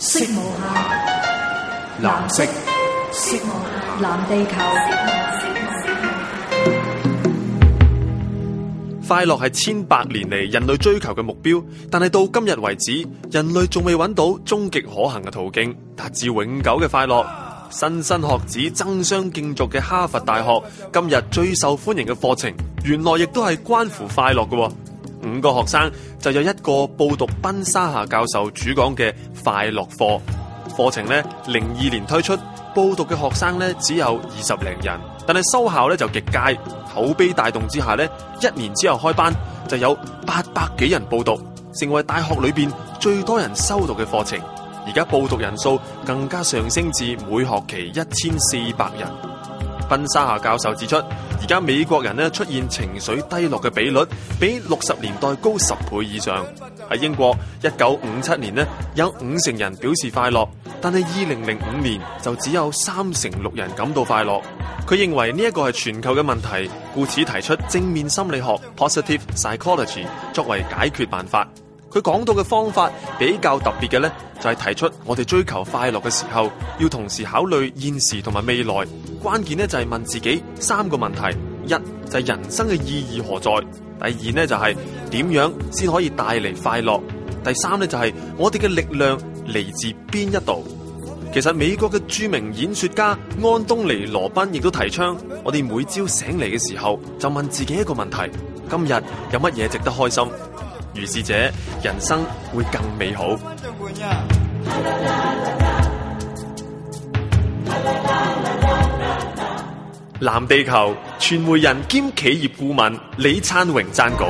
藍色無下，藍色，藍地球。快樂係千百年嚟人類追求嘅目標，但係到今日為止，人類仲未揾到終極可行嘅途徑，達至永久嘅快樂。莘莘學子爭相競逐嘅哈佛大學，今日最受歡迎嘅課程，原來亦都係關乎快樂嘅。五個學生就有一個報讀賓沙夏教授主講嘅快樂課。課程呢，零二年推出，報讀嘅學生呢，只有二十零人，但係收效呢，就極佳，口碑帶動之下呢，一年之後開班就有八百幾人報讀，成為大學裏邊最多人修讀嘅課程。而家報讀人數更加上升至每學期一千四百人。賓沙夏教授指出，而家美國人呢，出現情緒低落嘅比率，比六十年代高十倍以上。喺英國，一九五七年呢有五成人表示快樂，但係二零零五年就只有三成六人感到快樂。佢認為呢一個係全球嘅問題，故此提出正面心理學 （positive psychology） 作為解決辦法。佢講到嘅方法比較特別嘅呢，就係、是、提出我哋追求快樂嘅時候，要同時考慮現時同埋未來。關鍵咧就係問自己三個問題：一就係、是、人生嘅意義何在；第二呢，就係、是、點樣先可以帶嚟快樂；第三呢，就係、是、我哋嘅力量嚟自邊一度。其實美國嘅著名演說家安東尼·羅賓亦都提倡，我哋每朝醒嚟嘅時候就問自己一個問題：今日有乜嘢值得開心？如是者，人生會更美好。 藍地球傳媒人兼企業顧問李燦榮撰稿。